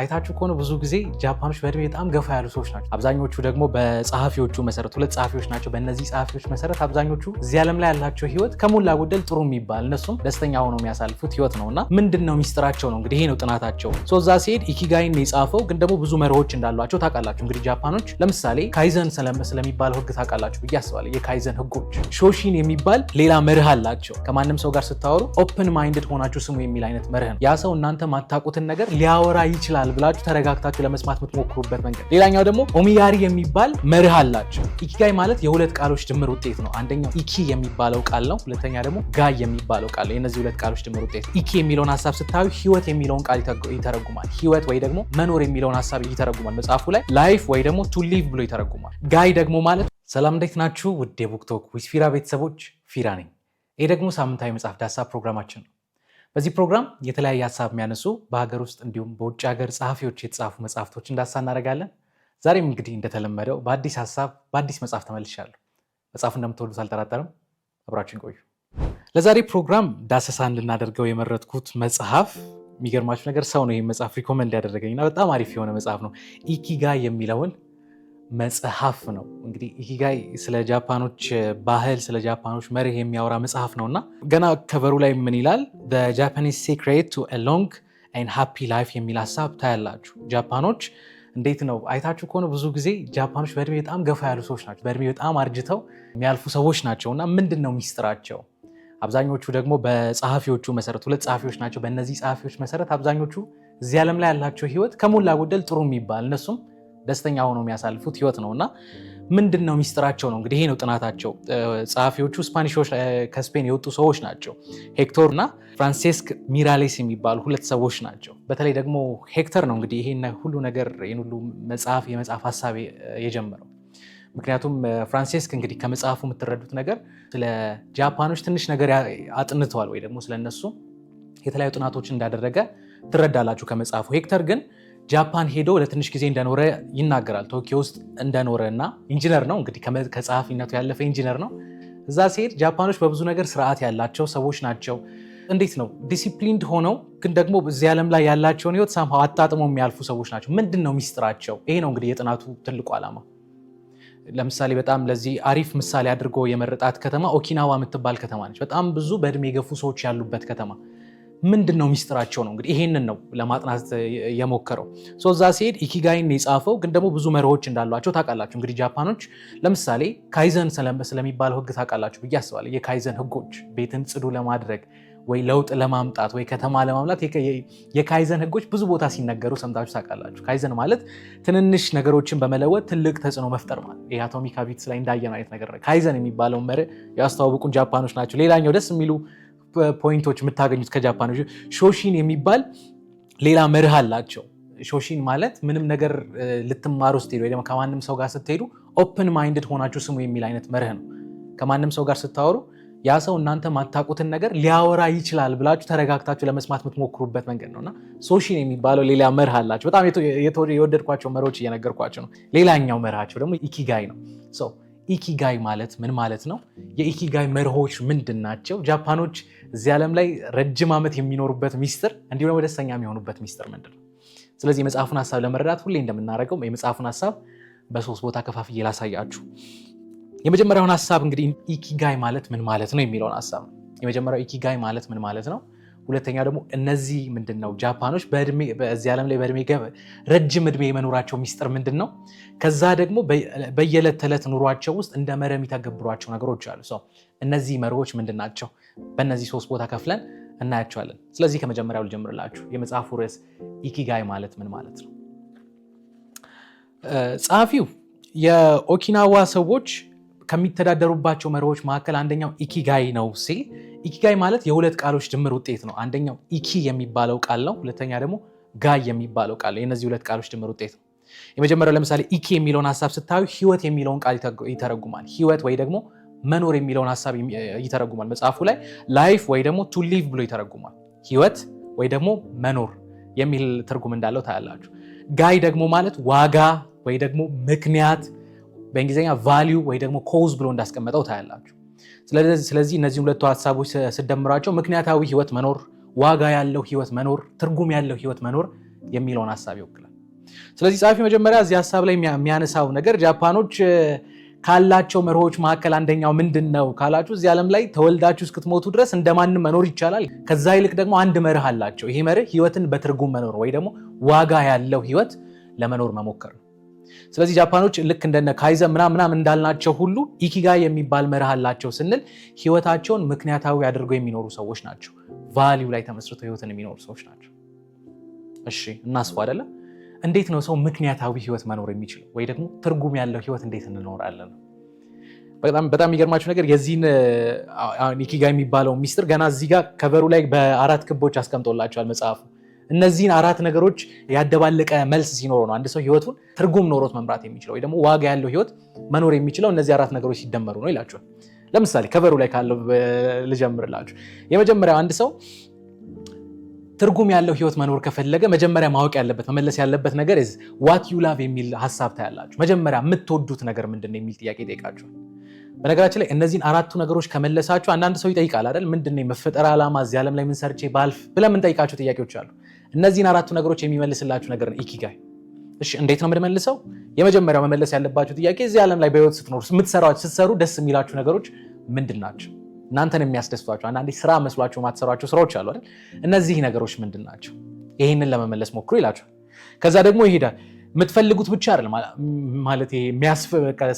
አይታችሁ ከሆነ ብዙ ጊዜ ጃፓኖች በእድሜ በጣም ገፋ ያሉ ሰዎች ናቸው። አብዛኞቹ ደግሞ በጸሐፊዎቹ መሰረት ሁለት ጸሐፊዎች ናቸው። በእነዚህ ጸሐፊዎች መሰረት አብዛኞቹ እዚህ ዓለም ላይ ያላቸው ህይወት ከሞላ ጎደል ጥሩ የሚባል እነሱም ደስተኛ ሆነው የሚያሳልፉት ህይወት ነው እና ምንድን ነው ሚስጥራቸው ነው እንግዲህ ይሄ ነው ጥናታቸው። እዛ ሲሄድ ኢኪጋይን የጻፈው ግን ደግሞ ብዙ መርሆች እንዳሏቸው ታውቃላችሁ። እንግዲህ ጃፓኖች ለምሳሌ ካይዘን ስለሚባለው ህግ ታውቃላችሁ ብዬ አስባለሁ። የካይዘን ህጎች ሾሺን የሚባል ሌላ መርህ አላቸው። ከማንም ሰው ጋር ስታወሩ ኦፕን ማይንድድ ሆናችሁ ስሙ የሚል አይነት መርህ ነው። ያ ሰው እናንተ ማታውቁትን ነገር ሊያወራ ይችላል ይሆናል ብላችሁ ተረጋግታችሁ ለመስማት የምትሞክሩበት መንገድ። ሌላኛው ደግሞ ኦሚያሪ የሚባል መርህ አላቸው። ኢኪጋይ ማለት የሁለት ቃሎች ድምር ውጤት ነው። አንደኛው ኢኪ የሚባለው ቃል ነው። ሁለተኛ ደግሞ ጋይ የሚባለው ቃል ነው። የእነዚህ ሁለት ቃሎች ድምር ውጤት ነው። ኢኪ የሚለውን ሀሳብ ስታዩ ህይወት የሚለውን ቃል ይተረጉማል። ህይወት ወይ ደግሞ መኖር የሚለውን ሀሳብ ይተረጉማል። መጽሐፉ ላይ ላይፍ ወይ ደግሞ ቱ ሊቭ ብሎ ይተረጉማል። ጋይ ደግሞ ማለት ሰላም፣ እንዴት ናችሁ? ውድ የቡክቶክ ዊዝ ፊራ ቤተሰቦች ፊራ ነኝ። ይህ ደግሞ ሳምንታዊ መጽሐፍ ዳሳ ፕሮግራማችን ነው። በዚህ ፕሮግራም የተለያየ ሀሳብ የሚያነሱ በሀገር ውስጥ እንዲሁም በውጭ ሀገር ጸሐፊዎች የተጻፉ መጽሐፍቶች እንዳሳ እናደርጋለን። ዛሬም እንግዲህ እንደተለመደው በአዲስ ሀሳብ በአዲስ መጽሐፍ ተመልሻለሁ። መጽሐፍ እንደምትወዱት አልጠራጠርም። አብራችን ቆዩ። ለዛሬ ፕሮግራም ዳሰሳ እንድናደርገው የመረጥኩት መጽሐፍ የሚገርማችሁ ነገር ሰው ነው ይህ መጽሐፍ ሪኮመንድ ያደረገኝና በጣም አሪፍ የሆነ መጽሐፍ ነው። ኢኪጋ የሚለውን መጽሐፍ ነው። እንግዲህ ኢኪጋይ ስለ ጃፓኖች ባህል፣ ስለ ጃፓኖች መርህ የሚያወራ መጽሐፍ ነው እና ገና ከበሩ ላይ ምን ይላል? ጃፓኒስ ሴክሬት ቱ ሎንግ ኤንድ ሃፒ ላይፍ የሚል ሀሳብ ታያላችሁ። ጃፓኖች እንዴት ነው አይታችሁ ከሆነ ብዙ ጊዜ ጃፓኖች በእድሜ በጣም ገፋ ያሉ ሰዎች ናቸው። በእድሜ በጣም አርጅተው የሚያልፉ ሰዎች ናቸው እና ምንድን ነው ሚስጥራቸው? አብዛኞቹ ደግሞ በጸሐፊዎቹ መሰረት ሁለት ጸሐፊዎች ናቸው። በእነዚህ ጸሐፊዎች መሰረት አብዛኞቹ እዚህ ዓለም ላይ ያላቸው ህይወት ከሞላ ጎደል ጥሩ የሚባል እነሱም ደስተኛ ሆኖ የሚያሳልፉት ህይወት ነው እና ምንድን ነው ሚስጥራቸው ነው እንግዲህ ይሄ ነው ጥናታቸው። ጸሐፊዎቹ ስፓኒሾች ከስፔን የወጡ ሰዎች ናቸው። ሄክቶር እና ፍራንሴስክ ሚራሌስ የሚባሉ ሁለት ሰዎች ናቸው። በተለይ ደግሞ ሄክተር ነው እንግዲህ ይሄ ሁሉ ነገር ይሄን ሁሉ መጽሐፍ የመጽሐፍ ሀሳብ የጀመረው ምክንያቱም ፍራንሴስክ እንግዲህ ከመጽሐፉ የምትረዱት ነገር ስለ ጃፓኖች ትንሽ ነገር አጥንተዋል ወይ ደግሞ ስለነሱ የተለያዩ ጥናቶች እንዳደረገ ትረዳላችሁ ከመጽሐፉ ሄክተር ግን ጃፓን ሄዶ ለትንሽ ጊዜ እንደኖረ ይናገራል። ቶኪዮ ውስጥ እንደኖረ እና ኢንጂነር ነው እንግዲህ ከጸሐፊነቱ ያለፈ ኢንጂነር ነው። እዛ ሲሄድ ጃፓኖች በብዙ ነገር ስርዓት ያላቸው ሰዎች ናቸው። እንዴት ነው ዲሲፕሊንድ ሆነው ግን ደግሞ እዚህ ዓለም ላይ ያላቸውን ህይወት ሳምሃ አጣጥሞ የሚያልፉ ሰዎች ናቸው። ምንድን ነው ሚስጥራቸው? ይሄ ነው እንግዲህ የጥናቱ ትልቁ ዓላማ። ለምሳሌ በጣም ለዚህ አሪፍ ምሳሌ አድርጎ የመረጣት ከተማ ኦኪናዋ የምትባል ከተማ ነች። በጣም ብዙ በእድሜ የገፉ ሰዎች ያሉበት ከተማ ምንድን ነው ሚስጥራቸው ነው እንግዲህ ይሄንን ነው ለማጥናት የሞከረው። እዛ ሲሄድ ኢኪጋይን የጻፈው ግን ደግሞ ብዙ መርሆች እንዳሏቸው ታውቃላችሁ። እንግዲህ ጃፓኖች ለምሳሌ ካይዘን ስለሚባለው ህግ ታውቃላችሁ ብዬ አስባለሁ። የካይዘን ህጎች ቤትን ጽዱ ለማድረግ ወይ ለውጥ ለማምጣት ወይ ከተማ ለማምላት የካይዘን ህጎች ብዙ ቦታ ሲነገሩ ሰምታችሁ ታውቃላችሁ። ካይዘን ማለት ትንንሽ ነገሮችን በመለወጥ ትልቅ ተጽዕኖ መፍጠር ማለት ይህ አቶሚክ ሀቢትስ ላይ እንዳየን አይነት ነገር ካይዘን የሚባለው መርህ ያስተዋውቁን ጃፓኖች ናቸው። ሌላኛው ደስ የሚሉ ፖይንቶች የምታገኙት ከጃፓኖች ሾሺን የሚባል ሌላ መርህ አላቸው። ሾሺን ማለት ምንም ነገር ልትማሩ ስትሄዱ ወይ ከማንም ሰው ጋር ስትሄዱ ኦፕን ማይንድድ ሆናችሁ ስሙ የሚል አይነት መርህ ነው። ከማንም ሰው ጋር ስታወሩ ያ ሰው እናንተ ማታቁትን ነገር ሊያወራ ይችላል ብላችሁ ተረጋግታችሁ ለመስማት የምትሞክሩበት መንገድ ነው እና ሶሺን የሚባለው ሌላ መርህ አላቸው። በጣም የወደድኳቸው መርሆች እየነገርኳቸው ነው። ሌላኛው መርሃቸው ደግሞ ኢኪጋይ ነው። ኢኪጋይ ማለት ምን ማለት ነው? የኢኪጋይ መርሆች ምንድን ናቸው? ጃፓኖች እዚህ ዓለም ላይ ረጅም ዓመት የሚኖሩበት ሚስጥር እንዲሁ ደግሞ ደስተኛ የሚሆኑበት ሚስጥር ምንድን ነው? ስለዚህ የመጽሐፉን ሀሳብ ለመረዳት ሁሌ እንደምናደርገው የመጽሐፉን ሀሳብ በሶስት ቦታ ከፋፍዬ ላሳያችሁ። የመጀመሪያውን ሀሳብ እንግዲህ ኢኪጋይ ማለት ምን ማለት ነው የሚለውን ሀሳብ ነው። የመጀመሪያው ኢኪጋይ ማለት ምን ማለት ነው? ሁለተኛ ደግሞ እነዚህ ምንድን ነው ጃፓኖች በዚህ ዓለም ላይ በእድሜ ረጅም እድሜ የመኖራቸው ሚስጥር ምንድን ነው? ከዛ ደግሞ በየዕለት ተዕለት ኑሯቸው ውስጥ እንደ መረ የሚተገብሯቸው ነገሮች አሉ። እነዚህ መርሆች ምንድን ናቸው? በእነዚህ ሶስት ቦታ ከፍለን እናያቸዋለን። ስለዚህ ከመጀመሪያው ልጀምርላችሁ። የመጽሐፉ ርዕስ ኢኪጋይ ማለት ምን ማለት ነው? ጸሐፊው የኦኪናዋ ሰዎች ከሚተዳደሩባቸው መርሆች መካከል አንደኛው ኢኪጋይ ነው ሲል ኢኪጋይ ማለት የሁለት ቃሎች ድምር ውጤት ነው። አንደኛው ኢኪ የሚባለው ቃል ነው። ሁለተኛ ደግሞ ጋይ የሚባለው ቃል ነው። የነዚህ ሁለት ቃሎች ድምር ውጤት ነው። የመጀመሪያው ለምሳሌ ኢኪ የሚለውን ሀሳብ ስታዩ ህይወት የሚለውን ቃል ይተረጉማል። ህይወት ወይ ደግሞ መኖር የሚለውን ሀሳብ ይተረጉማል። መጽሐፉ ላይ ላይፍ ወይ ደግሞ ቱ ሊቭ ብሎ ይተረጉማል። ህይወት ወይ ደግሞ መኖር የሚል ትርጉም እንዳለው ታያላችሁ። ጋይ ደግሞ ማለት ዋጋ ወይ ደግሞ ምክንያት በእንግሊዝኛ ቫሊዩ ወይ ደግሞ ኮዝ ብሎ እንዳስቀመጠው ታያላችሁ። ስለዚህ እነዚህ ሁለቱ ሀሳቦች ስደምራቸው ምክንያታዊ ህይወት መኖር፣ ዋጋ ያለው ህይወት መኖር፣ ትርጉም ያለው ህይወት መኖር የሚለውን ሀሳብ ይወክላል። ስለዚህ ጸሐፊ መጀመሪያ እዚህ ሀሳብ ላይ የሚያነሳው ነገር ጃፓኖች ካላቸው መርሆች መካከል አንደኛው ምንድን ነው ካላችሁ እዚህ ዓለም ላይ ተወልዳችሁ እስክትሞቱ ድረስ እንደማንም መኖር ይቻላል። ከዛ ይልቅ ደግሞ አንድ መርህ አላቸው። ይሄ መርህ ህይወትን በትርጉም መኖር ወይ ደግሞ ዋጋ ያለው ህይወት ለመኖር መሞከር ነው። ስለዚህ ጃፓኖች ልክ እንደነ ካይዘ ምናምናም እንዳልናቸው ሁሉ ኢኪጋይ የሚባል መርህ አላቸው ስንል ህይወታቸውን ምክንያታዊ አድርገው የሚኖሩ ሰዎች ናቸው። ቫሊዩ ላይ ተመስርተው ህይወትን የሚኖሩ ሰዎች ናቸው። እሺ እናስፎ አይደለም እንዴት ነው ሰው ምክንያታዊ ህይወት መኖር የሚችለው ወይ ደግሞ ትርጉም ያለው ህይወት እንዴት እንኖራለን? በጣም የሚገርማችሁ ነገር የዚህን ኢኪጋይ የሚባለው ሚስጥር ገና እዚህ ጋር ከበሩ ላይ በአራት ክቦች አስቀምጦላቸዋል መጽሐፉ። እነዚህን አራት ነገሮች ያደባለቀ መልስ ሲኖረ ነው አንድ ሰው ህይወቱን ትርጉም ኖሮት መምራት የሚችለው ወይ ደግሞ ዋጋ ያለው ህይወት መኖር የሚችለው እነዚህ አራት ነገሮች ሲደመሩ ነው ይላቸዋል። ለምሳሌ ከበሩ ላይ ካለው ልጀምርላችሁ። የመጀመሪያው አንድ ሰው ትርጉም ያለው ህይወት መኖር ከፈለገ መጀመሪያ ማወቅ ያለበት መመለስ ያለበት ነገር ዋት ዩ ላቭ የሚል ሀሳብ ታያላችሁ። መጀመሪያ የምትወዱት ነገር ምንድን ነው የሚል ጥያቄ ይጠይቃችኋል። በነገራችን ላይ እነዚህን አራቱ ነገሮች ከመለሳችሁ አንዳንድ ሰው ይጠይቃል አይደል፣ ምንድን ነው የመፈጠር ዓላማ እዚህ ዓለም ላይ ምን ሰርቼ ባልፍ ብለን የምንጠይቃቸው ጥያቄዎች አሉ። እነዚህን አራቱ ነገሮች የሚመልስላችሁ ነገር ነው ኢኪጋይ። እሺ እንዴት ነው የምንመልሰው? የመጀመሪያው መመለስ ያለባችሁ ጥያቄ እዚህ ዓለም ላይ በህይወት ስትኖሩ የምትሰራችሁ ስትሰሩ ደስ የሚላችሁ ነገሮች ምንድን ናቸው? እናንተን የሚያስደስቷቸው አንዳንዴ ስራ መስሏቸው የማትሰሯቸው ስራዎች አሉ አይደል? እነዚህ ነገሮች ምንድን ናቸው? ይህንን ለመመለስ ሞክሩ ይላቸዋል። ከዛ ደግሞ ይሄዳል የምትፈልጉት ብቻ አይደለም ማለት ይሄ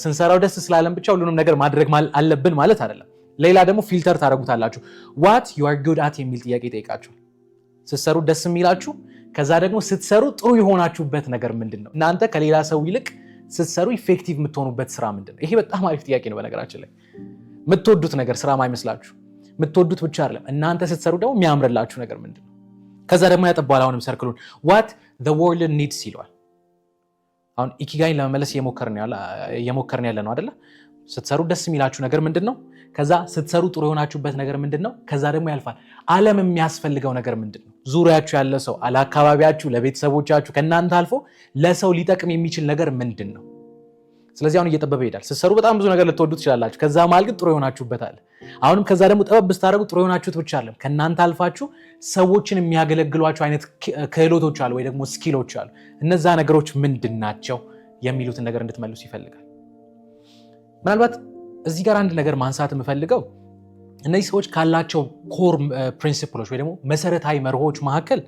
ስንሰራው ደስ ስላለን ብቻ ሁሉንም ነገር ማድረግ አለብን ማለት አይደለም። ሌላ ደግሞ ፊልተር ታደረጉታላችሁ። ዋት ዩ አር ጉድ አት የሚል ጥያቄ ይጠይቃችሁ ስትሰሩ ደስ የሚላችሁ ከዛ ደግሞ ስትሰሩ ጥሩ የሆናችሁበት ነገር ምንድን ነው? እናንተ ከሌላ ሰው ይልቅ ስትሰሩ ኢፌክቲቭ የምትሆኑበት ስራ ምንድን ነው? ይሄ በጣም አሪፍ ጥያቄ ነው። በነገራችን ላይ የምትወዱት ነገር ስራ ማይመስላችሁ የምትወዱት ብቻ አይደለም፣ እናንተ ስትሰሩ ደግሞ የሚያምርላችሁ ነገር ምንድን ነው? ከዛ ደግሞ ያጠባል። አሁንም ሰርክሉን ዋት ዘ ወርልድ ኒድስ ይለዋል። አሁን ኢኪጋይን ለመመለስ እየሞከርን ያለ ነው አደለ? ስትሰሩ ደስ የሚላችሁ ነገር ምንድን ነው? ከዛ ስትሰሩ ጥሩ የሆናችሁበት ነገር ምንድን ነው? ከዛ ደግሞ ያልፋል። ዓለም የሚያስፈልገው ነገር ምንድን ነው? ዙሪያችሁ ያለ ሰው ለአካባቢያችሁ፣ ለቤተሰቦቻችሁ፣ ከእናንተ አልፎ ለሰው ሊጠቅም የሚችል ነገር ምንድን ነው? ስለዚህ አሁን እየጠበበ ይሄዳል። ስትሰሩ በጣም ብዙ ነገር ልትወዱ ትችላላችሁ። ከዛ መሀል ግን ጥሩ የሆናችሁበታል። አሁንም ከዛ ደግሞ ጥበብ ብስታደረጉ ጥሩ የሆናችሁት ብቻ አለም ከእናንተ አልፋችሁ ሰዎችን የሚያገለግሏቸው አይነት ክህሎቶች አሉ ወይ ደግሞ ስኪሎች አሉ። እነዛ ነገሮች ምንድን ናቸው የሚሉትን ነገር እንድትመልሱ ይፈልጋል። ምናልባት እዚህ ጋር አንድ ነገር ማንሳት የምፈልገው እነዚህ ሰዎች ካላቸው ኮር ፕሪንሲፕሎች ወይ ደግሞ መሰረታዊ መርሆች መካከል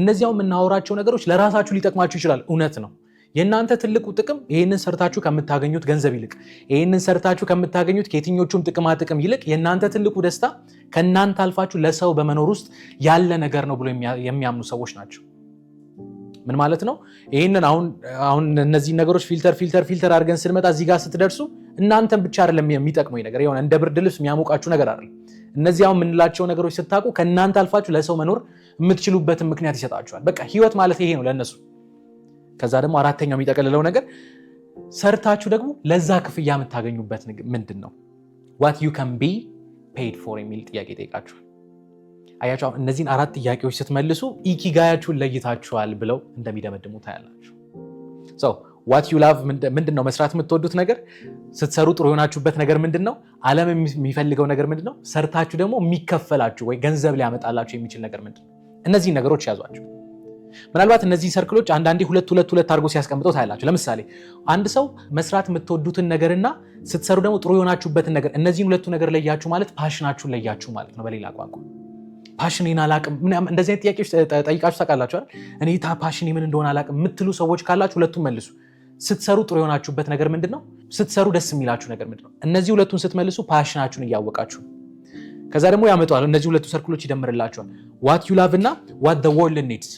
እነዚያው የምናወራቸው ነገሮች ለራሳችሁ ሊጠቅማችሁ ይችላል። እውነት ነው። የእናንተ ትልቁ ጥቅም ይህንን ሰርታችሁ ከምታገኙት ገንዘብ ይልቅ ይህንን ሰርታችሁ ከምታገኙት ከየትኞቹም ጥቅማ ጥቅም ይልቅ የእናንተ ትልቁ ደስታ ከእናንተ አልፋችሁ ለሰው በመኖር ውስጥ ያለ ነገር ነው ብሎ የሚያምኑ ሰዎች ናቸው። ምን ማለት ነው? ይህንን አሁን እነዚህ ነገሮች ፊልተር ፊልተር ፊልተር አድርገን ስንመጣ እዚህ ጋር ስትደርሱ እናንተን ብቻ አይደለም የሚጠቅመው ነገር የሆነ እንደ ብርድ ልብስ የሚያሞቃችሁ ነገር አይደለም። እነዚህ አሁን የምንላቸው ነገሮች ስታውቁ ከእናንተ አልፋችሁ ለሰው መኖር የምትችሉበትን ምክንያት ይሰጣችኋል። በቃ ህይወት ማለት ይሄ ነው ለእነሱ። ከዛ ደግሞ አራተኛው የሚጠቀልለው ነገር ሰርታችሁ ደግሞ ለዛ ክፍያ የምታገኙበት ምንድን ነው? ዋት ዩ ከን ቢ ፔይድ ፎር የሚል ጥያቄ ይጠይቃችኋል። አያቸው እነዚህን አራት ጥያቄዎች ስትመልሱ ኢኪጋያችሁን ለይታችኋል ብለው እንደሚደመድሙ ታያላችሁ። ዋት ዩ ላቭ ምንድን ነው? መስራት የምትወዱት ነገር፣ ስትሰሩ ጥሩ የሆናችሁበት ነገር ምንድን ነው? የሚፈልገው ነገር ምንድን ነው? ሰርታችሁ ደግሞ የሚከፈላችሁ ወይ ገንዘብ ሊያመጣላችሁ የሚችል ነገር ምንድን ነው? እነዚህን ነገሮች ያዟቸው። ምናልባት እነዚህን ሰርክሎች አንዳንዴ ሁለት ሁለት ሁለት አድርጎ ሲያስቀምጠው ታያላቸው ለምሳሌ አንድ ሰው መስራት የምትወዱትን ነገርና ስትሰሩ ደግሞ ጥሩ የሆናችሁበትን ነገር፣ እነዚህን ሁለቱ ነገር ለያችሁ ማለት ፓሽናችሁን ለያችሁ ማለት ነው በሌላ ቋንቋ ፓሽኔን አላቅም እንደዚህ አይነት ጥያቄዎች ጠይቃችሁ ታውቃላችኋል? እኔ ታ ፓሽኔ ምን እንደሆነ አላቅም የምትሉ ሰዎች ካላችሁ ሁለቱም መልሱ። ስትሰሩ ጥሩ የሆናችሁበት ነገር ምንድን ነው? ስትሰሩ ደስ የሚላችሁ ነገር ምንድን ነው? እነዚህ ሁለቱን ስትመልሱ ፓሽናችሁን እያወቃችሁ ከዛ ደግሞ ያመጠዋል እነዚህ ሁለቱ ሰርክሎች ይደምርላቸዋል። ዋት ዩ ላቭ እና ዋት ደ ወርልድ ኒድስ።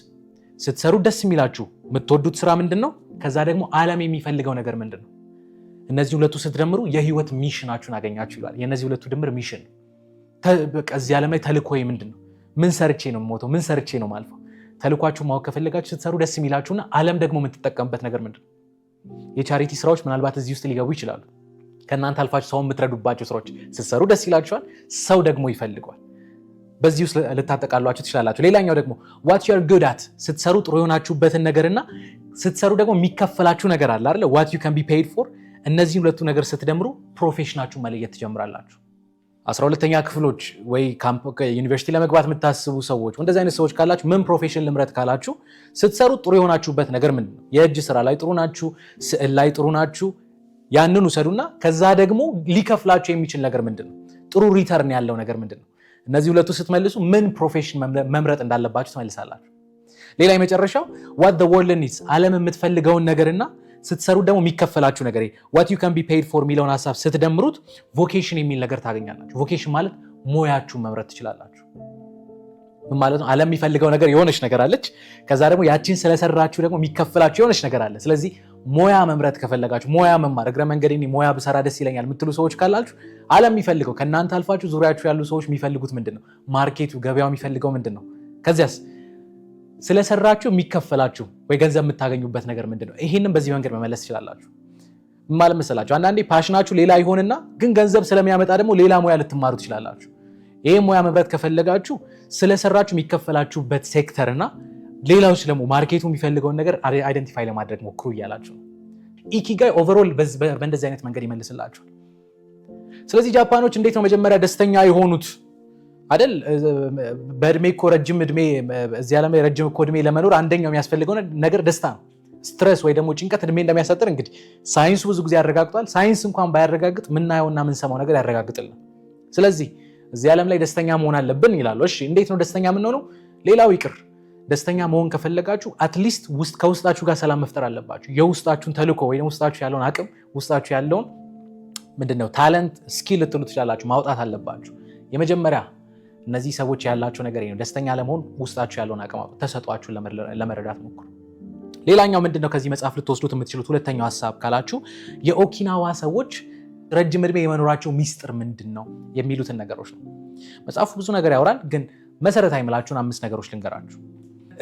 ስትሰሩ ደስ የሚላችሁ የምትወዱት ስራ ምንድን ነው? ከዛ ደግሞ ዓለም የሚፈልገው ነገር ምንድን ነው? እነዚህ ሁለቱ ስትደምሩ የህይወት ሚሽናችሁን አገኛችሁ ይላል። የእነዚህ ሁለቱ ድምር ሚሽን፣ ከዚህ ዓለም ላይ ተልኮ ምንድን ነው? ምን ሰርቼ ነው የምሞተው? ምን ሰርቼ ነው ማልፈው? ተልኳችሁ ማወቅ ከፈለጋችሁ ስትሰሩ ደስ የሚላችሁና ዓለም ደግሞ የምትጠቀምበት ነገር ምንድን ነው? የቻሪቲ ስራዎች ምናልባት እዚህ ውስጥ ሊገቡ ይችላሉ። ከእናንተ አልፋችሁ ሰው የምትረዱባቸው ስራዎች ስትሰሩ ደስ ይላችኋል፣ ሰው ደግሞ ይፈልገዋል። በዚህ ውስጥ ልታጠቃሏችሁ ትችላላችሁ። ሌላኛው ደግሞ ዋት ዩር ጉድ አት ስትሰሩ ጥሩ የሆናችሁበትን ነገርና ስትሰሩ ደግሞ የሚከፈላችሁ ነገር አለ አይደለ? ዋት ዩ ካን ቢ ፔይድ ፎር እነዚህን ሁለቱ ነገር ስትደምሩ ፕሮፌሽናችሁ መለየት ትጀምራላችሁ። አስራ ሁለተኛ ክፍሎች ወይ ዩኒቨርሲቲ ለመግባት የምታስቡ ሰዎች እንደዚህ አይነት ሰዎች ካላችሁ ምን ፕሮፌሽን ልምረት ካላችሁ ስትሰሩ ጥሩ የሆናችሁበት ነገር ምንድን ነው? የእጅ ስራ ላይ ጥሩ ናችሁ፣ ስዕል ላይ ጥሩ ናችሁ። ያንን ውሰዱና ከዛ ደግሞ ሊከፍላችሁ የሚችል ነገር ምንድን ነው? ጥሩ ሪተርን ያለው ነገር ምንድን ነው? እነዚህ ሁለቱ ስትመልሱ ምን ፕሮፌሽን መምረጥ እንዳለባችሁ ትመልሳላችሁ። ሌላ የመጨረሻው ዋት ወርልድ ኒድስ ዓለም የምትፈልገውን ነገርና ስትሰሩት ደግሞ የሚከፈላችሁ ነገር ዋት ዩ ካን ቢ ፔድ ፎር የሚለውን ሀሳብ ስትደምሩት ቮኬሽን የሚል ነገር ታገኛላችሁ። ቮኬሽን ማለት ሙያችሁን መምረት ትችላላችሁ። ምን ማለት ነው? ዓለም የሚፈልገው ነገር የሆነች ነገር አለች። ከዛ ደግሞ ያችን ስለሰራችሁ ደግሞ የሚከፈላችሁ የሆነች ነገር አለ። ስለዚህ ሙያ መምረት ከፈለጋችሁ ሙያ መማር እግረ መንገድ ሙያ ብሰራ ደስ ይለኛል የምትሉ ሰዎች ካላችሁ ዓለም የሚፈልገው ከእናንተ አልፋችሁ ዙሪያችሁ ያሉ ሰዎች የሚፈልጉት ምንድን ነው? ማርኬቱ ገበያው የሚፈልገው ምንድን ነው? ከዚያስ ስለሰራችሁ የሚከፈላችሁ ወይ ገንዘብ የምታገኙበት ነገር ምንድን ነው? ይህንም በዚህ መንገድ መመለስ ይችላላችሁ። ማለት መሰላችሁ አንዳንዴ ፓሽናችሁ ሌላ ይሆንና ግን ገንዘብ ስለሚያመጣ ደግሞ ሌላ ሙያ ልትማሩ ትችላላችሁ። ይህ ሙያ መምረት ከፈለጋችሁ ስለሰራችሁ የሚከፈላችሁበት ሴክተር እና ሌላዎች ደግሞ ማርኬቱ የሚፈልገውን ነገር አይደንቲፋይ ለማድረግ ሞክሩ እያላችሁ ነው። ኢኪጋይ ኦቨሮል በእንደዚህ አይነት መንገድ ይመልስላችኋል። ስለዚህ ጃፓኖች እንዴት ነው መጀመሪያ ደስተኛ የሆኑት አደል በእድሜ እኮ ረጅም እድሜ እዚህ ዓለም ላይ ረጅም እኮ እድሜ ለመኖር አንደኛው የሚያስፈልገው ነገር ደስታ ነው። ስትረስ ወይ ደግሞ ጭንቀት እድሜ እንደሚያሳጥር እንግዲህ ሳይንሱ ብዙ ጊዜ ያረጋግጧል። ሳይንስ እንኳን ባያረጋግጥ ምናየውና ምንሰማው ነገር ያረጋግጥልን። ስለዚህ እዚህ ዓለም ላይ ደስተኛ መሆን አለብን ይላሉ። እሺ እንዴት ነው ደስተኛ የምንሆነው? ሌላው ይቅር ደስተኛ መሆን ከፈለጋችሁ አትሊስት ውስጥ ከውስጣችሁ ጋር ሰላም መፍጠር አለባችሁ። የውስጣችሁን ተልዕኮ ወይ ውስጣችሁ ያለውን አቅም ውስጣችሁ ያለውን ምንድነው ታለንት ስኪል ልትሉ ትችላላችሁ ማውጣት አለባችሁ። የመጀመሪያ እነዚህ ሰዎች ያላቸው ነገር ነው። ደስተኛ ለመሆን ውስጣችሁ ያለውን አቅም ተሰጧችሁን ለመረዳት ሞክሩ። ሌላኛው ምንድነው ከዚህ መጽሐፍ ልትወስዱት የምትችሉት ሁለተኛው ሀሳብ ካላችሁ የኦኪናዋ ሰዎች ረጅም እድሜ የመኖራቸው ሚስጥር ምንድን ነው የሚሉትን ነገሮች ነው። መጽሐፉ ብዙ ነገር ያወራል፣ ግን መሰረታዊ የምላችሁን አምስት ነገሮች ልንገራችሁ።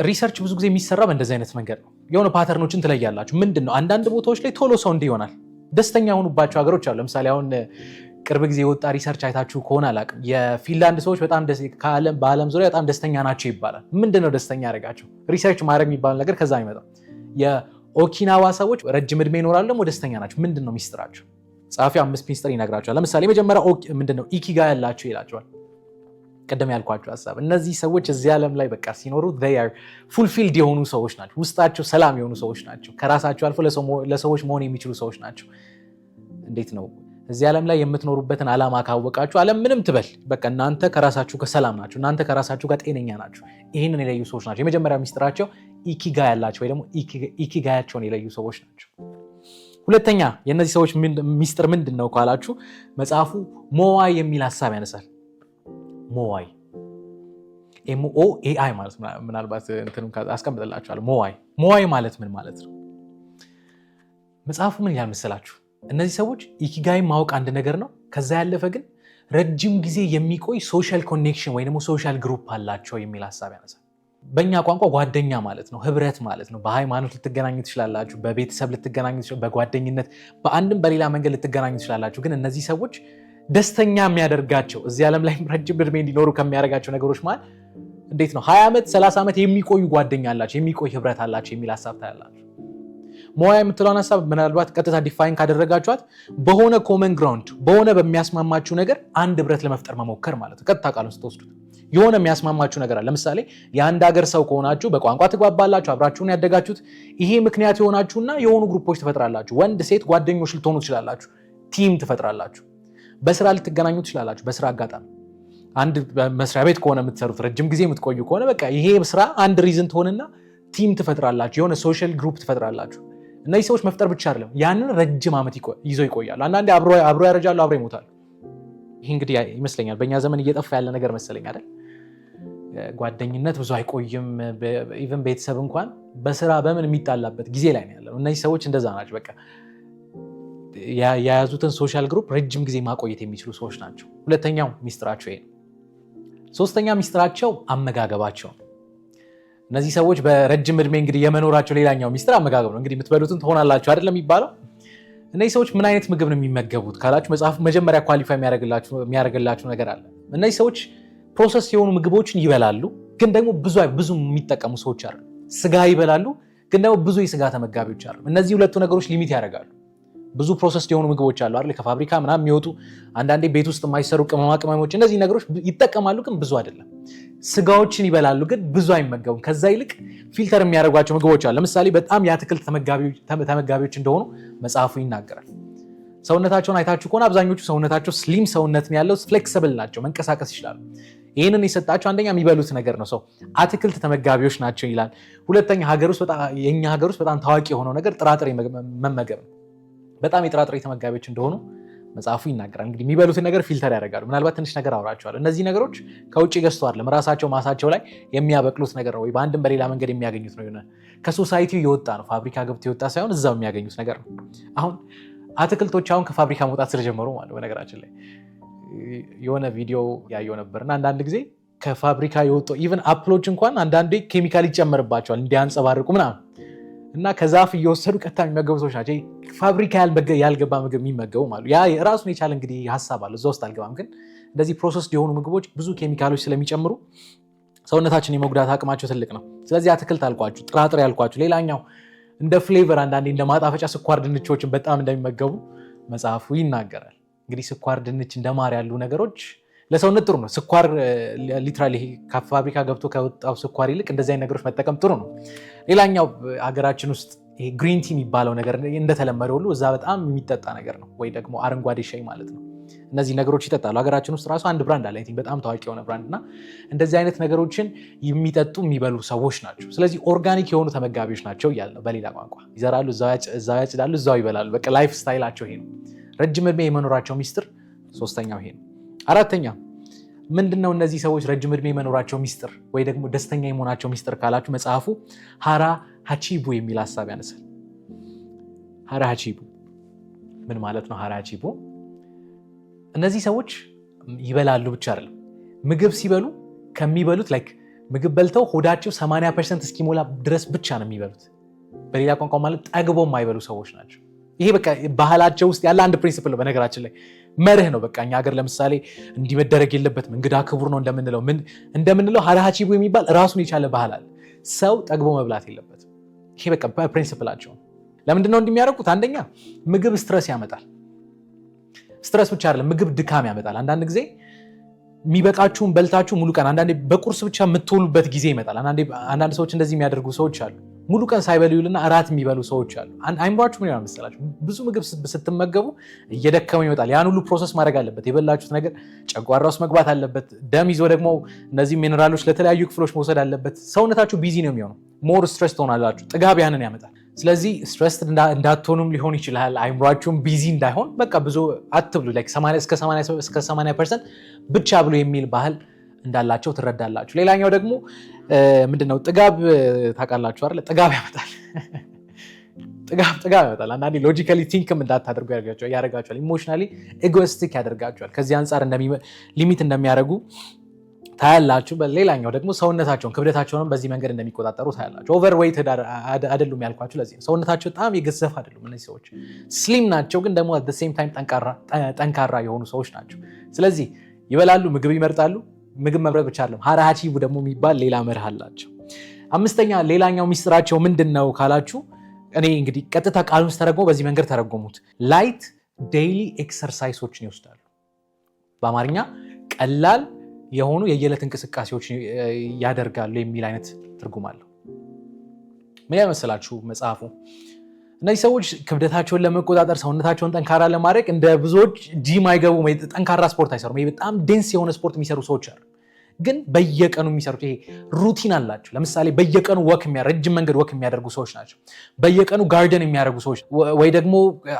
ሪሰርች ብዙ ጊዜ የሚሰራው በእንደዚህ አይነት መንገድ ነው። የሆነ ፓተርኖችን ትለያላችሁ። ምንድን ነው አንዳንድ ቦታዎች ላይ ቶሎ ሰው እንዲህ ይሆናል። ደስተኛ የሆኑባቸው ሀገሮች አሉ። ለምሳሌ አሁን ቅርብ ጊዜ የወጣ ሪሰርች አይታችሁ ከሆነ አላውቅም፣ የፊንላንድ ሰዎች በጣም በዓለም ዙሪያ በጣም ደስተኛ ናቸው ይባላል። ምንድን ነው ደስተኛ ያደረጋቸው? ሪሰርች ማድረግ የሚባል ነገር ከዛ ይመጣ። የኦኪናዋ ሰዎች ረጅም እድሜ ይኖራሉ፣ ደግሞ ደስተኛ ናቸው። ምንድን ነው ሚስጥራቸው? ጸሐፊ አምስት ሚስጥር ይነግራቸዋል። ለምሳሌ መጀመሪያ ምንድን ነው ኢኪጋ ያላቸው ይላቸዋል። ቅድም ያልኳቸው ሀሳብ እነዚህ ሰዎች እዚህ ዓለም ላይ በቃ ሲኖሩ ፉልፊልድ የሆኑ ሰዎች ናቸው። ውስጣቸው ሰላም የሆኑ ሰዎች ናቸው። ከራሳቸው አልፎ ለሰዎች መሆን የሚችሉ ሰዎች ናቸው። እንዴት ነው እዚህ ዓለም ላይ የምትኖሩበትን ዓላማ ካወቃችሁ ዓለም ምንም ትበል፣ በቃ እናንተ ከራሳችሁ ከሰላም ናችሁ፣ እናንተ ከራሳችሁ ጋር ጤነኛ ናችሁ። ይህንን የለዩ ሰዎች ናቸው። የመጀመሪያ ሚስጥራቸው ኢኪጋ ያላቸው ወይ ደግሞ ኢኪጋያቸውን የለዩ ሰዎች ናቸው። ሁለተኛ የእነዚህ ሰዎች ሚስጥር ምንድን ነው ካላችሁ መጽሐፉ ሞዋይ የሚል ሀሳብ ያነሳል። ሞዋይ ኤምኦ ኤአይ ማለት ምናልባት አስቀምጥላችኋለሁ። ሞዋይ ሞዋይ ማለት ምን ማለት ነው? መጽሐፉ ምን ይላል መሰላችሁ? እነዚህ ሰዎች ኢኪጋይ ማወቅ አንድ ነገር ነው። ከዛ ያለፈ ግን ረጅም ጊዜ የሚቆይ ሶሻል ኮኔክሽን ወይ ደግሞ ሶሻል ግሩፕ አላቸው የሚል ሀሳብ ያነሳል። በእኛ ቋንቋ ጓደኛ ማለት ነው፣ ህብረት ማለት ነው። በሃይማኖት ልትገናኙ ትችላላችሁ፣ በቤተሰብ ልትገናኙ፣ በጓደኝነት በአንድም በሌላ መንገድ ልትገናኙ ትችላላችሁ። ግን እነዚህ ሰዎች ደስተኛ የሚያደርጋቸው እዚህ ዓለም ላይ ረጅም እድሜ እንዲኖሩ ከሚያደርጋቸው ነገሮች ማለት እንዴት ነው ሀያ ዓመት ሰላሳ ዓመት የሚቆዩ ጓደኛ አላቸው፣ የሚቆይ ህብረት አላቸው የሚል ሀሳብ ታያላችሁ። ሞያ የምትለውን ሀሳብ ምናልባት ቀጥታ ዲፋይን ካደረጋችኋት በሆነ ኮመን ግራውንድ በሆነ በሚያስማማችሁ ነገር አንድ ህብረት ለመፍጠር መሞከር ማለት ነው። ቀጥታ ቃሉን ስትወስዱት የሆነ የሚያስማማችሁ ነገር አለ። ለምሳሌ የአንድ ሀገር ሰው ከሆናችሁ በቋንቋ ትግባባላችሁ፣ አብራችሁን ያደጋችሁት። ይሄ ምክንያት የሆናችሁና የሆኑ ግሩፖች ትፈጥራላችሁ። ወንድ ሴት ጓደኞች ልትሆኑ ትችላላችሁ። ቲም ትፈጥራላችሁ። በስራ ልትገናኙ ትችላላችሁ። በስራ አጋጣሚ አንድ መስሪያ ቤት ከሆነ የምትሰሩት ረጅም ጊዜ የምትቆዩ ከሆነ በቃ ይሄ ስራ አንድ ሪዝን ትሆንና ቲም ትፈጥራላችሁ። የሆነ ሶሻል ግሩፕ ትፈጥራላችሁ። እነዚህ ሰዎች መፍጠር ብቻ አይደለም፣ ያንን ረጅም ዓመት ይዘው ይቆያሉ። አንዳንዴ አብሮ ያረጃሉ፣ አብሮ ይሞታሉ። ይህ እንግዲህ ይመስለኛል በእኛ ዘመን እየጠፋ ያለ ነገር መሰለኝ አይደል? ጓደኝነት ብዙ አይቆይም። ኢቨን ቤተሰብ እንኳን በስራ በምን የሚጣላበት ጊዜ ላይ ነው ያለው። እነዚህ ሰዎች እንደዛ ናቸው። በቃ የያዙትን ሶሻል ግሩፕ ረጅም ጊዜ ማቆየት የሚችሉ ሰዎች ናቸው። ሁለተኛው ሚስጥራቸው ይሄ ነው። ሶስተኛ ሚስጥራቸው አመጋገባቸው እነዚህ ሰዎች በረጅም እድሜ እንግዲህ የመኖራቸው ሌላኛው ሚስጥር አመጋገብ ነው። እንግዲህ የምትበሉትን ትሆናላችሁ አይደለም የሚባለው። እነዚህ ሰዎች ምን አይነት ምግብ ነው የሚመገቡት ካላችሁ መጽሐፉ መጀመሪያ ኳሊፋይ የሚያደርግላችሁ ነገር አለ። እነዚህ ሰዎች ፕሮሰስ የሆኑ ምግቦችን ይበላሉ፣ ግን ደግሞ ብዙ ብዙ የሚጠቀሙ ሰዎች አሉ። ስጋ ይበላሉ፣ ግን ደግሞ ብዙ የስጋ ተመጋቢዎች አሉ። እነዚህ ሁለቱ ነገሮች ሊሚት ያደርጋሉ። ብዙ ፕሮሰስ የሆኑ ምግቦች አሉ አይደል? ከፋብሪካ ምናምን የሚወጡ አንዳንዴ ቤት ውስጥ የማይሰሩ ቅመማ ቅመሞች፣ እነዚህ ነገሮች ይጠቀማሉ፣ ግን ብዙ አይደለም። ስጋዎችን ይበላሉ፣ ግን ብዙ አይመገቡም። ከዛ ይልቅ ፊልተር የሚያደርጓቸው ምግቦች አሉ። ለምሳሌ በጣም የአትክልት ተመጋቢዎች እንደሆኑ መጽሐፉ ይናገራል። ሰውነታቸውን አይታችሁ ከሆነ አብዛኞቹ ሰውነታቸው ስሊም ሰውነት ያለው ፍሌክስብል ናቸው፣ መንቀሳቀስ ይችላሉ። ይህንን የሰጣቸው አንደኛ የሚበሉት ነገር ነው። ሰው አትክልት ተመጋቢዎች ናቸው ይላል። ሁለተኛ የእኛ ሀገር ውስጥ በጣም ታዋቂ የሆነው ነገር ጥራጥሬ መመገብ ነው። በጣም የጥራጥሬ ተመጋቢዎች እንደሆኑ መጽሐፉ ይናገራል። እንግዲህ የሚበሉትን ነገር ፊልተር ያደርጋሉ። ምናልባት ትንሽ ነገር አውራቸዋል። እነዚህ ነገሮች ከውጭ ገዝተው አይደለም ራሳቸው ማሳቸው ላይ የሚያበቅሉት ነገር ነው፣ ወይ በአንድም በሌላ መንገድ የሚያገኙት ነው። ሆነ ከሶሳይቲ የወጣ ነው፣ ፋብሪካ ገብቶ የወጣ ሳይሆን እዛው የሚያገኙት ነገር ነው። አሁን አትክልቶች አሁን ከፋብሪካ መውጣት ስለጀመሩ ማለት በነገራችን ላይ የሆነ ቪዲዮ ያየው ነበር እና አንዳንድ ጊዜ ከፋብሪካ የወጡ ኢቨን አፕሎች እንኳን አንዳንዴ ኬሚካል ይጨመርባቸዋል እንዲያንጸባርቁ ምናምን እና ከዛፍ እየወሰዱ ቀጥታ የሚመገቡ ሰዎች ናቸው። ፋብሪካ ያልገባ ምግብ የሚመገቡ ማለት ያ ራሱን የቻለ እንግዲህ ሀሳብ አለ። እዛ ውስጥ አልገባም። ግን እንደዚህ ፕሮሰስድ የሆኑ ምግቦች ብዙ ኬሚካሎች ስለሚጨምሩ ሰውነታችን የመጉዳት አቅማቸው ትልቅ ነው። ስለዚህ አትክልት አልኳችሁ፣ ጥራጥሬ አልኳችሁ። ሌላኛው እንደ ፍሌቨር አንዳንዴ እንደ ማጣፈጫ ስኳር ድንቾችን በጣም እንደሚመገቡ መጽሐፉ ይናገራል። እንግዲህ ስኳር ድንች እንደማር ያሉ ነገሮች ለሰውነት ጥሩ ነው። ስኳር ሊትራሊ ከፋብሪካ ገብቶ ከወጣው ስኳር ይልቅ እንደዚህ አይነት ነገሮች መጠቀም ጥሩ ነው። ሌላኛው ሀገራችን ውስጥ ግሪንቲ የሚባለው ነገር እንደተለመደ ሁሉ እዛ በጣም የሚጠጣ ነገር ነው፣ ወይ ደግሞ አረንጓዴ ሻይ ማለት ነው። እነዚህ ነገሮች ይጠጣሉ። ሀገራችን ውስጥ ራሱ አንድ ብራንድ አለ፣ በጣም ታዋቂ የሆነ ብራንድ እና እንደዚህ አይነት ነገሮችን የሚጠጡ የሚበሉ ሰዎች ናቸው። ስለዚህ ኦርጋኒክ የሆኑ ተመጋቢዎች ናቸው እያለ ነው። በሌላ ቋንቋ ይዘራሉ፣ እዛው ያጭዳሉ፣ እዛው ይበላሉ። በቃ ላይፍ ስታይላቸው ይሄ ነው። ረጅም እድሜ የመኖራቸው ሚስጥር ሶስተኛው ይሄ ነው። አራተኛ ምንድነው እነዚህ ሰዎች ረጅም እድሜ መኖራቸው ሚስጥር ወይ ደግሞ ደስተኛ የመሆናቸው ሚስጥር ካላችሁ መጽሐፉ ሀራ ሀቺቡ የሚል ሀሳብ ያነሳል። ሀራ ሀቺቡ ምን ማለት ነው? ሀራ ሀቺቡ እነዚህ ሰዎች ይበላሉ ብቻ አይደለም፣ ምግብ ሲበሉ ከሚበሉት ላይክ ምግብ በልተው ሆዳቸው 80 ፐርሰንት እስኪሞላ ድረስ ብቻ ነው የሚበሉት። በሌላ ቋንቋ ማለት ጠግቦ የማይበሉ ሰዎች ናቸው። ይሄ በቃ ባህላቸው ውስጥ ያለ አንድ ፕሪንሲፕል ነው። በነገራችን ላይ መርህ ነው። በቃ እኛ ሀገር ለምሳሌ እንዲህ መደረግ የለበትም እንግዳ ክቡር ነው እንደምንለው ምን እንደምንለው ሀራሃቺቡ የሚባል ራሱን የቻለ ባህል አለ። ሰው ጠግቦ መብላት የለበትም። ይሄ በቃ በፕሪንሲፕላቸው ለምንድን ነው እንደሚያደርጉት? አንደኛ ምግብ ስትረስ ያመጣል። ስትረስ ብቻ አይደለም፣ ምግብ ድካም ያመጣል። አንዳንድ ጊዜ የሚበቃችሁን በልታችሁ ሙሉ ቀን አንዳንዴ በቁርስ ብቻ የምትውሉበት ጊዜ ይመጣል። አንዳንድ ሰዎች እንደዚህ የሚያደርጉ ሰዎች አሉ። ሙሉ ቀን ሳይበሉ ይውልና እራት የሚበሉ ሰዎች አሉ። አይምሯችሁ ምን መሰላችሁ? ብዙ ምግብ ስትመገቡ እየደከመ ይወጣል። ያን ሁሉ ፕሮሰስ ማድረግ አለበት። የበላችሁት ነገር ጨጓራ ውስጥ መግባት አለበት። ደም ይዞ ደግሞ እነዚህ ሚኔራሎች ለተለያዩ ክፍሎች መውሰድ አለበት። ሰውነታችሁ ቢዚ ነው የሚሆነው። ሞር ስትረስ ትሆናላችሁ። ጥጋብ ያንን ያመጣል። ስለዚህ ስትረስ እንዳትሆኑም ሊሆን ይችላል። አይምሯችሁም ቢዚ እንዳይሆን በቃ ብዙ አትብሉ። እስከ 80 ፐርሰንት ብቻ ብሎ የሚል ባህል እንዳላቸው ትረዳላችሁ። ሌላኛው ደግሞ ምንድነው ጥጋብ ታውቃላችሁ አይደል? ጥጋብ ያመጣል። ጥጋብ ጥጋብ ያመጣል። አንዳንዴ ሎጂካሊ ቲንክም እንዳታደርጉ ያደርጋቸዋል። ኢሞሽናሊ ኤጎስቲክ ያደርጋቸዋል። ከዚህ አንጻር ሊሚት እንደሚያደርጉ ታያላችሁ። ሌላኛው ደግሞ ሰውነታቸውን ክብደታቸውንም በዚህ መንገድ እንደሚቆጣጠሩ ታያላችሁ። ኦቨርዌይት ዌይት አይደሉም ያልኳችሁ ለዚህ ነው። ሰውነታቸው በጣም የገዘፍ አይደሉም። እነዚህ ሰዎች ስሊም ናቸው፣ ግን ደግሞ ሴም ታይም ጠንካራ የሆኑ ሰዎች ናቸው። ስለዚህ ይበላሉ፣ ምግብ ይመርጣሉ ምግብ መብረት ብቻ አለም ሀራሃቺቡ ደግሞ የሚባል ሌላ መርህ አላቸው። አምስተኛ ሌላኛው ሚስጥራቸው ምንድን ነው ካላችሁ እኔ እንግዲህ ቀጥታ ቃል ውስጥ በዚህ መንገድ ተረጎሙት። ላይት ዴይሊ ኤክሰርሳይሶችን ይወስዳሉ። በአማርኛ ቀላል የሆኑ የየዕለት እንቅስቃሴዎች ያደርጋሉ የሚል አይነት ትርጉም አለው። ምን ያመስላችሁ መጽሐፉ እነዚህ ሰዎች ክብደታቸውን ለመቆጣጠር ሰውነታቸውን ጠንካራ ለማድረግ እንደ ብዙዎች ጂም አይገቡም፣ ጠንካራ ስፖርት አይሰሩም። በጣም ዴንስ የሆነ ስፖርት የሚሰሩ ሰዎች አሉ፣ ግን በየቀኑ የሚሰሩት ይሄ ሩቲን አላቸው። ለምሳሌ በየቀኑ ወክ ረጅም መንገድ ወክ የሚያደርጉ ሰዎች ናቸው። በየቀኑ ጋርደን የሚያደርጉ ሰዎች ወይ ደግሞ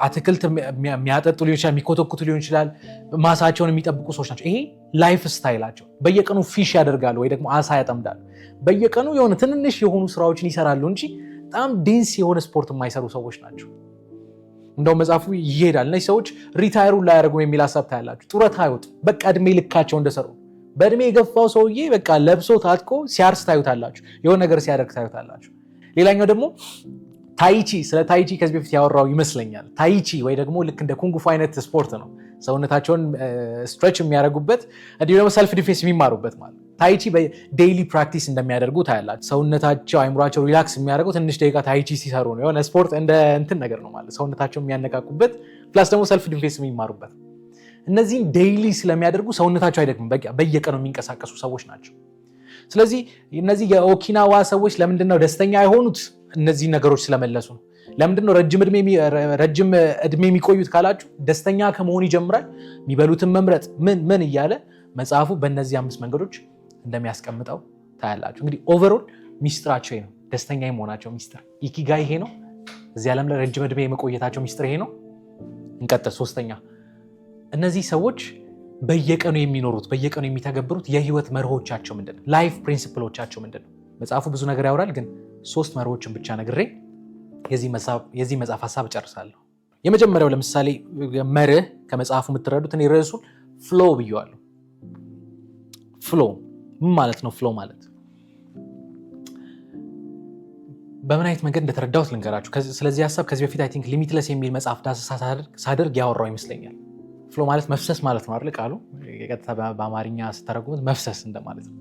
አትክልት የሚያጠጡ ሊሆን ይችላል፣ የሚኮተኩቱ ሊሆን ይችላል፣ ማሳቸውን የሚጠብቁ ሰዎች ናቸው። ይሄ ላይፍ ስታይላቸው። በየቀኑ ፊሽ ያደርጋሉ ወይ ደግሞ አሳ ያጠምዳሉ። በየቀኑ የሆነ ትንንሽ የሆኑ ስራዎችን ይሰራሉ እንጂ በጣም ዴንስ የሆነ ስፖርት የማይሰሩ ሰዎች ናቸው። እንደው መጽሐፉ ይሄዳል። እነዚህ ሰዎች ሪታይሩ ላያደርጉም የሚል ሀሳብ ታያላችሁ። ጡረታ አይወጡም። በቃ እድሜ ልካቸው እንደሰሩ በእድሜ የገፋው ሰውዬ በቃ ለብሶ ታጥቆ ሲያርስ ታዩታላችሁ። የሆነ ነገር ሲያደርግ ታዩታላችሁ። ሌላኛው ደግሞ ታይቺ፣ ስለ ታይቺ ከዚህ በፊት ያወራው ይመስለኛል። ታይቺ ወይ ደግሞ ልክ እንደ ኩንጉፉ አይነት ስፖርት ነው። ሰውነታቸውን ስትረች የሚያደርጉበት እንዲሁ ደግሞ ሰልፍ ዲፌንስ የሚማሩበት ማለት ታይቺ በዴይሊ ፕራክቲስ እንደሚያደርጉ ታያላችሁ። ሰውነታቸው አይምሯቸው ሪላክስ የሚያደርገው ትንሽ ደቂቃ ታይቺ ሲሰሩ ነው። የሆነ ስፖርት እንደ እንትን ነገር ነው ማለት ሰውነታቸው የሚያነቃቁበት ፕላስ ደግሞ ሰልፍ ዲፌንስ የሚማሩበት። እነዚህም ዴይሊ ስለሚያደርጉ ሰውነታቸው አይደግም። በቃ በየቀኑ የሚንቀሳቀሱ ሰዎች ናቸው። ስለዚህ እነዚህ የኦኪናዋ ሰዎች ለምንድነው ደስተኛ የሆኑት? እነዚህ ነገሮች ስለመለሱ ነው። ለምንድነው ረጅም እድሜ የሚቆዩት ካላችሁ፣ ደስተኛ ከመሆን ይጀምራል። የሚበሉትን መምረጥ ምን ምን እያለ መጽሐፉ በእነዚህ አምስት መንገዶች እንደሚያስቀምጠው ታያላችሁ። እንግዲህ ኦቨሮል ሚስጥራቸው ይሄ ነው። ደስተኛ የመሆናቸው ሚስጥር ኢኪጋ ይሄ ነው። እዚህ ዓለም ላይ ረጅም ዕድሜ የመቆየታቸው ሚስጥር ይሄ ነው። እንቀጥል። ሶስተኛ እነዚህ ሰዎች በየቀኑ የሚኖሩት በየቀኑ የሚተገብሩት የህይወት መርሆቻቸው ምንድን ነው? ላይፍ ፕሪንሲፕሎቻቸው ምንድን ነው? መጽሐፉ ብዙ ነገር ያወራል፣ ግን ሶስት መርሆችን ብቻ ነግሬ የዚህ መጽሐፍ ሀሳብ እጨርሳለሁ። የመጀመሪያው ለምሳሌ መርህ ከመጽሐፉ የምትረዱት እኔ ርዕሱን ፍሎ ብየዋለሁ። ፍሎ ምን ማለት ነው። ፍሎ ማለት በምን አይነት መንገድ እንደተረዳሁት ልንገራችሁ። ስለዚህ ሀሳብ ከዚህ በፊት አይ ቲንክ ሊሚትለስ የሚል መጽሐፍ ዳሰሳ ሳደርግ ያወራው ይመስለኛል። ፍሎ ማለት መፍሰስ ማለት ነው አይደል? ቃሉ የቀጥታ በአማርኛ ስተረጉሙት መፍሰስ እንደማለት ነው።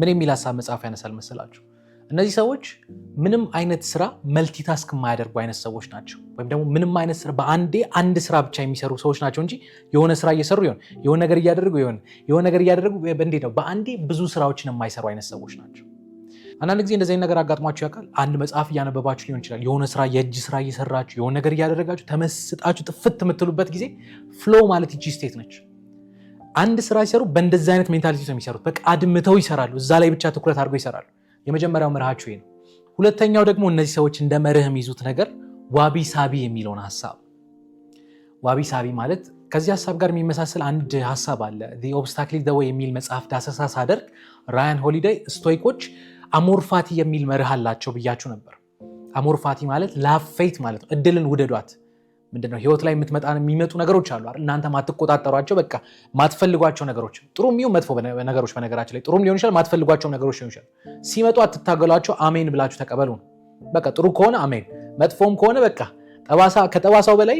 ምን የሚል ሀሳብ መጽሐፍ ያነሳል መሰላችሁ? እነዚህ ሰዎች ምንም አይነት ስራ መልቲታስክ የማያደርጉ አይነት ሰዎች ናቸው። ወይም ደግሞ ምንም አይነት ስራ በአንዴ አንድ ስራ ብቻ የሚሰሩ ሰዎች ናቸው እንጂ የሆነ ስራ እየሰሩ ይሆን የሆነ ነገር እያደረጉ ይሆን የሆነ ነገር እያደረጉ እንዴት ነው በአንዴ ብዙ ስራዎችን የማይሰሩ አይነት ሰዎች ናቸው። አንዳንድ ጊዜ እንደዚህ ነገር አጋጥሟችሁ ያውቃል? አንድ መጽሐፍ እያነበባችሁ ሊሆን ይችላል። የሆነ ስራ የእጅ ስራ እየሰራችሁ የሆነ ነገር እያደረጋችሁ ተመስጣችሁ ጥፍት የምትሉበት ጊዜ ፍሎ ማለት ይቺ ስቴት ነች። አንድ ስራ ሲሰሩ በእንደዚህ አይነት ሜንታሊቲ ነው የሚሰሩት። በቃ አድምተው ይሰራሉ። እዛ ላይ ብቻ ትኩረት አድርገው ይሰራሉ። የመጀመሪያው መርሃችሁ ነው። ሁለተኛው ደግሞ እነዚህ ሰዎች እንደ መርህ የሚይዙት ነገር ዋቢ ሳቢ የሚለውን ሀሳብ ዋቢ ሳቢ ማለት ከዚህ ሀሳብ ጋር የሚመሳሰል አንድ ሀሳብ አለ። ኦብስታክሊ ደወ የሚል መጽሐፍ ዳሰሳ ሳደርግ ራያን ሆሊደይ ስቶይኮች አሞርፋቲ የሚል መርህ አላቸው ብያችሁ ነበር። አሞርፋቲ ማለት ላፌት ማለት ነው። እድልን ውደዷት ምንድነው ህይወት ላይ የምትመጣ የሚመጡ ነገሮች አሉ አይደል? እናንተ ማትቆጣጠሯቸው በቃ ማትፈልጓቸው ነገሮች ጥሩ የሚሆን መጥፎ ነገሮች፣ በነገራችን ላይ ጥሩም ሊሆን ይችላል፣ ማትፈልጓቸው ነገሮች ሊሆን ይችላል። ሲመጡ አትታገሏቸው፣ አሜን ብላችሁ ተቀበሉ። በቃ ጥሩ ከሆነ አሜን፣ መጥፎም ከሆነ በቃ ጠባሳ ከጠባሳው በላይ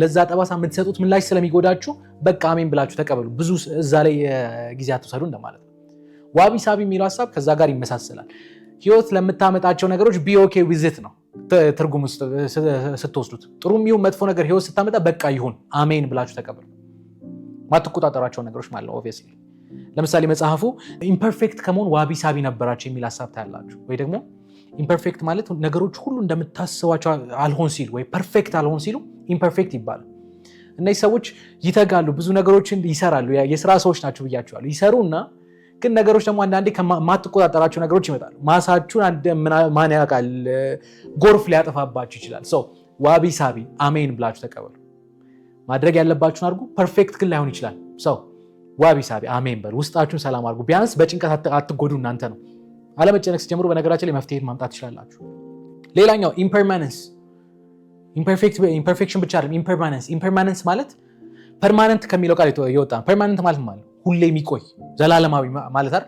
ለዛ ጠባሳ የምትሰጡት ምላሽ ስለሚጎዳችሁ በቃ አሜን ብላችሁ ተቀበሉ። ብዙ እዛ ላይ ጊዜ አትውሰዱ እንደማለት ዋቢ ሳቢ የሚለው ሀሳብ ከዛ ጋር ይመሳሰላል። ህይወት ለምታመጣቸው ነገሮች ቢኦኬ ዊዝት ነው ትርጉም ስትወስዱት ጥሩ የሚሆን መጥፎ ነገር ህይወት ስታመጣ በቃ ይሁን አሜን ብላችሁ ተቀበሉ። ማትቆጣጠሯቸውን ነገሮች ማለት ለምሳሌ መጽሐፉ ኢምፐርፌክት ከመሆን ዋቢሳቢ ነበራቸው የሚል ሀሳብ ታያላችሁ። ወይ ደግሞ ኢምፐርፌክት ማለት ነገሮች ሁሉ እንደምታስባቸው አልሆን ሲሉ ወይ ፐርፌክት አልሆን ሲሉ ኢምፐርፌክት ይባላል። እነዚህ ሰዎች ይተጋሉ፣ ብዙ ነገሮችን ይሰራሉ። የስራ ሰዎች ናቸው ይሰሩ እና ግን ነገሮች ደግሞ አንዳንዴ ከማትቆጣጠራቸው ነገሮች ይመጣሉ። ማሳችሁን ማን ያውቃል፣ ጎርፍ ሊያጠፋባችሁ ይችላል። ሰው ዋቢ ሳቢ አሜን ብላችሁ ተቀበሉ። ማድረግ ያለባችሁን አድርጉ። ፐርፌክት ግን ላይሆን ይችላል። ሰው ዋቢ ሳቢ አሜን በል። ውስጣችሁን ሰላም አድርጉ። ቢያንስ በጭንቀት አትጎዱ። እናንተ ነው አለመጨነቅ ሲጀምሩ፣ በነገራችን ላይ መፍትሄት ማምጣት ትችላላችሁ። ሌላኛው ኢምፐርማነንስ ኢምፐርፌክሽን ብቻ አይደለም። ኢምፐርማነንስ ኢምፐርማነንስ ማለት ፐርማነንት ከሚለው ቃል የወጣ ፐርማነንት ማለት ማለት ሁሌ የሚቆይ ዘላለማዊ ማለት አይደል?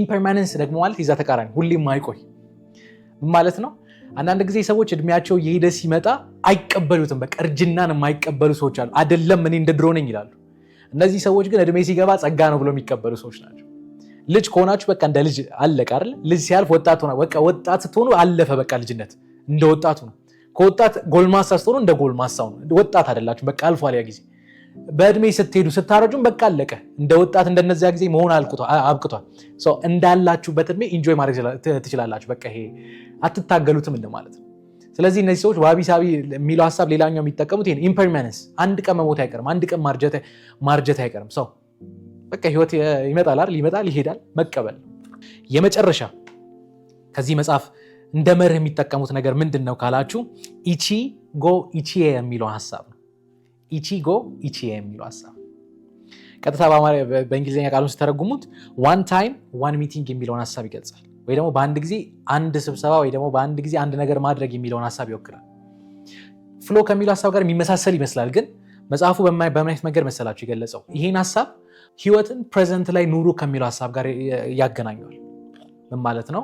ኢምፐርማነንስ ደግሞ ማለት የዛ ተቃራኒ ሁሌ የማይቆይ ማለት ነው። አንዳንድ ጊዜ ሰዎች እድሜያቸው የሄደ ሲመጣ አይቀበሉትም። በቃ እርጅናን የማይቀበሉ ሰዎች አሉ። አይደለም እኔ እንደ ድሮ ነኝ ይላሉ። እነዚህ ሰዎች ግን እድሜ ሲገባ ጸጋ ነው ብሎ የሚቀበሉ ሰዎች ናቸው። ልጅ ከሆናችሁ በቃ እንደ ልጅ አለቀ አይደል? ልጅ ሲያልፍ ወጣት ሆና በቃ ወጣት ስትሆኑ አለፈ በቃ ልጅነት እንደ ወጣቱ ነው። ከወጣት ጎልማሳ ስትሆኑ እንደ ጎልማሳው ነው። ወጣት አደላችሁ በቃ አልፏል ያ ጊዜ በእድሜ ስትሄዱ ስታረጁም በቃ አለቀ። እንደ ወጣት እንደነዚያ ጊዜ መሆን አብቅቷል። እንዳላችሁበት እድሜ ኢንጆይ ማድረግ ትችላላችሁ። በቃ ይሄ አትታገሉትም እንደማለት ነው። ስለዚህ እነዚህ ሰዎች ዋቢ የሚለው ሀሳብ ሌላኛው የሚጠቀሙት ይሄን ኢምፐርማነንስ፣ አንድ ቀን መሞት አይቀርም፣ አንድ ቀን ማርጀት አይቀርም። ሰው በቃ ህይወት ይመጣል አይደል? ይመጣል፣ ይሄዳል። መቀበል የመጨረሻ ከዚህ መጽሐፍ እንደ መርህ የሚጠቀሙት ነገር ምንድን ነው ካላችሁ ኢቺ ጎ ኢቺ የሚለው ሀሳብ ነው። ኢቺጎ ኢቺዬ የሚለው ሀሳብ ቀጥታ በእንግሊዝኛ ቃሉን ስተረጉሙት ዋን ታይም ዋን ሚቲንግ የሚለውን ሀሳብ ይገልጻል። ወይ ደግሞ በአንድ ጊዜ አንድ ስብሰባ ወይ ደግሞ በአንድ ጊዜ አንድ ነገር ማድረግ የሚለውን ሀሳብ ይወክላል። ፍሎ ከሚለው ሀሳብ ጋር የሚመሳሰል ይመስላል። ግን መጽሐፉ በምን መንገድ መሰላችሁ የገለጸው? ይህን ሀሳብ ህይወትን ፕሬዘንት ላይ ኑሩ ከሚለው ሀሳብ ጋር ያገናኘዋል። ምን ማለት ነው?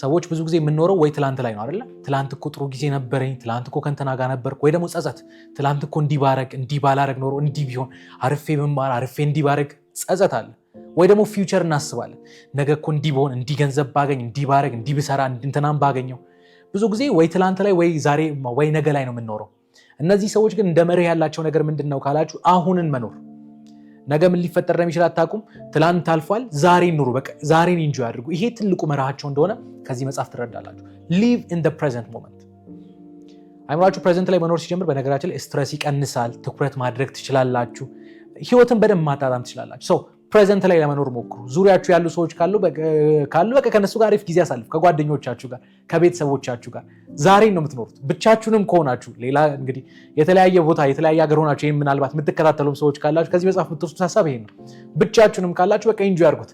ሰዎች ብዙ ጊዜ የምንኖረው ወይ ትላንት ላይ ነው አይደለ? ትላንት እኮ ጥሩ ጊዜ ነበረኝ፣ ትላንት እኮ ከንተና ጋር ነበር ወይ ደግሞ ጸጸት፣ ትላንት እኮ እንዲባረግ እንዲባላረግ ኖሮ፣ እንዲ ቢሆን፣ አርፌ ብማር፣ አርፌ እንዲባረግ ጸጸት አለ። ወይ ደግሞ ፊውቸር እናስባለን። ነገ እኮ እንዲህ በሆን፣ ገንዘብ ባገኝ፣ እንዲህ ባረግ፣ እንዲህ ብሰራ፣ እንትናም ባገኘው። ብዙ ጊዜ ወይ ትላንት ላይ ወይ ዛሬ ወይ ነገ ላይ ነው የምንኖረው። እነዚህ ሰዎች ግን እንደ መርህ ያላቸው ነገር ምንድን ነው ካላችሁ፣ አሁንን መኖር ነገ ምን ሊፈጠር ነው የሚችል አታውቁም። ትላንት አልፏል። ዛሬን ኑሩ፣ በቃ ዛሬን ኢንጆይ አድርጉ። ይሄ ትልቁ መርሃቸው እንደሆነ ከዚህ መጽሐፍ ትረዳላችሁ። ሊቭ ኢን ፕሬዘንት ሞመንት። አይምራችሁ ፕሬዘንት ላይ መኖር ሲጀምር፣ በነገራችን ላይ ስትረስ ይቀንሳል። ትኩረት ማድረግ ትችላላችሁ። ህይወትን በደንብ ማጣጣም ትችላላችሁ። ፕሬዘንት ላይ ለመኖር ሞክሩ። ዙሪያችሁ ያሉ ሰዎች ካሉ በቃ ከነሱ ጋር አሪፍ ጊዜ አሳልፉ ከጓደኞቻችሁ ጋር፣ ከቤተሰቦቻችሁ ጋር። ዛሬን ነው የምትኖሩት። ብቻችሁንም ከሆናችሁ ሌላ እንግዲህ የተለያየ ቦታ የተለያየ ሀገር ሆናችሁ ይህም ምናልባት የምትከታተሉም ሰዎች ካላችሁ ከዚህ መጽሐፍ የምትወስዱት ሀሳብ ይሄ ነው። ብቻችሁንም ካላችሁ በቃ ኢንጆይ ያርጉት።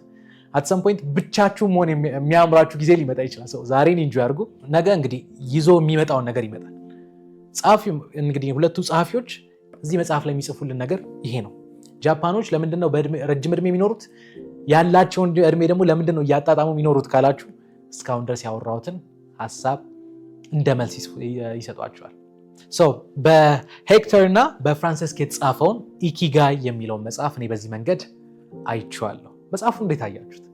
አትሰም ፖይንት ብቻችሁ መሆን የሚያምራችሁ ጊዜ ሊመጣ ይችላል። ሰው ዛሬን ኢንጆይ ያርጉ። ነገ እንግዲህ ይዞ የሚመጣውን ነገር ይመጣል። ጸሐፊ እንግዲህ ሁለቱ ጸሐፊዎች እዚህ መጽሐፍ ላይ የሚጽፉልን ነገር ይሄ ነው። ጃፓኖች ለምንድነው ረጅም እድሜ የሚኖሩት? ያላቸውን እድሜ ደግሞ ለምንድነው እያጣጣሙ የሚኖሩት ካላችሁ እስካሁን ድረስ ያወራሁትን ሀሳብ እንደ መልስ ይሰጧቸዋል። በሄክተር እና በፍራንሲስክ የተጻፈውን ኢኪጋይ የሚለውን መጽሐፍ እኔ በዚህ መንገድ አይችዋለሁ መጽሐፉ እንዴት አያችሁት?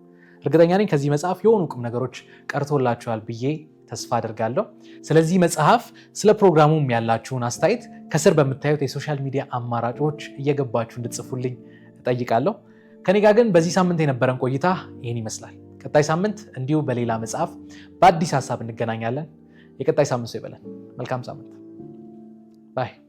እርግጠኛ ነኝ ከዚህ መጽሐፍ የሆኑ ቁም ነገሮች ቀርቶላችኋል ብዬ ተስፋ አድርጋለሁ። ስለዚህ መጽሐፍ ስለ ፕሮግራሙም ያላችሁን አስተያየት ከስር በምታዩት የሶሻል ሚዲያ አማራጮች እየገባችሁ እንድጽፉልኝ እጠይቃለሁ። ከኔ ጋር ግን በዚህ ሳምንት የነበረን ቆይታ ይህን ይመስላል። ቀጣይ ሳምንት እንዲሁ በሌላ መጽሐፍ በአዲስ ሀሳብ እንገናኛለን። የቀጣይ ሳምንት ሰው ይበለን። መልካም ሳምንት ባይ